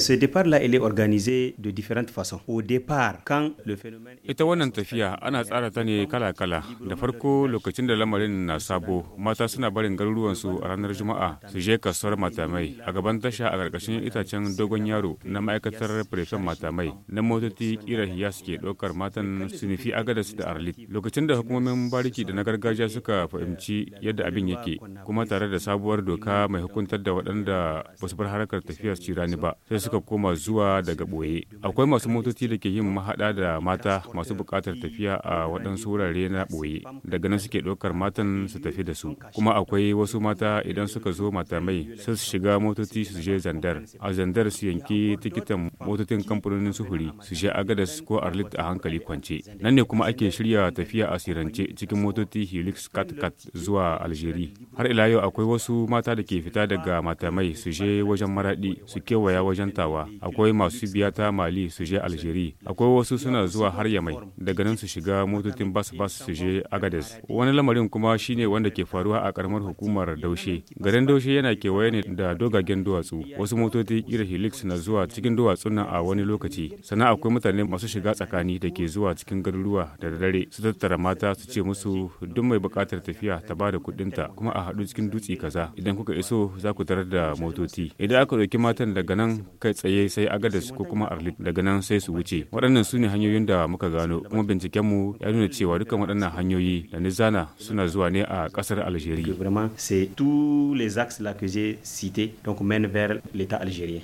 Ce départ-là, il est organisé de différentes façons. Au départ, quand le phénomène... Ita wannan tafiya ana tsara ta ne kala-kala. Da farko lokacin da lamarin na sabo, mata suna barin garuruwansu a ranar Juma'a su je kasuwar matamai a gaban tasha a ƙarƙashin itacen dogon yaro na ma'aikatar firifin matamai na motoci kira hiya suke ɗaukar matan su nufi agadas da arlit. Lokacin da hukumomin bariki da na gargajiya suka fahimci yadda abin yake, kuma tare da sabuwar doka mai hukuntar da waɗanda ba su bar harkar tafiyar cirani ba, sai suka koma zuwa daga ɓoye. Akwai masu motoci da ke yin mahaɗa da mata masu buƙatar tafiya a waɗansu wurare na ɓoye. Daga nan suke ɗaukar matan su tafi da su. Kuma akwai wasu mata idan suka zo matamai sai su shiga motoci su je zandar. A zandar su yanki tikitan motocin kamfanonin sufuri su je agadas ko arlit a hankali kwance. Nan ne kuma ake shirya tafiya a sirance cikin motoci helix katkat zuwa Algeria. Har ila yau akwai wasu mata da ke fita daga matamai su je wajen maraɗi su kewaya wajen shakatawa akwai masu biya ta mali su je aljeri akwai wasu suna zuwa har yamai daga nan su shiga motocin bas bas su je agades wani lamarin kuma shine wanda ke faruwa a karamar hukumar daushe garin daushe yana kewaye ne da dogagen duwatsu wasu motoci irin helix na zuwa cikin duwatsu nan a wani lokaci sannan akwai mutane masu shiga tsakani da ke zuwa cikin garuruwa da dare su tattara mata su ce musu duk mai bukatar tafiya ta bada kuɗinta kuma a haɗu cikin dutse kaza idan kuka iso za ku tarar da motoci idan aka ɗauki matan daga nan kai kai tsaye sai agadas ko kuma arlit daga nan sai su wuce waɗannan su ne hanyoyin da muka gano kuma bincikenmu ya nuna cewa dukkan waɗannan hanyoyi da nizana suna zuwa ne a ƙasar algeria vraiment c'est tous les axes là que j'ai cités donc mènent vers l'état algérien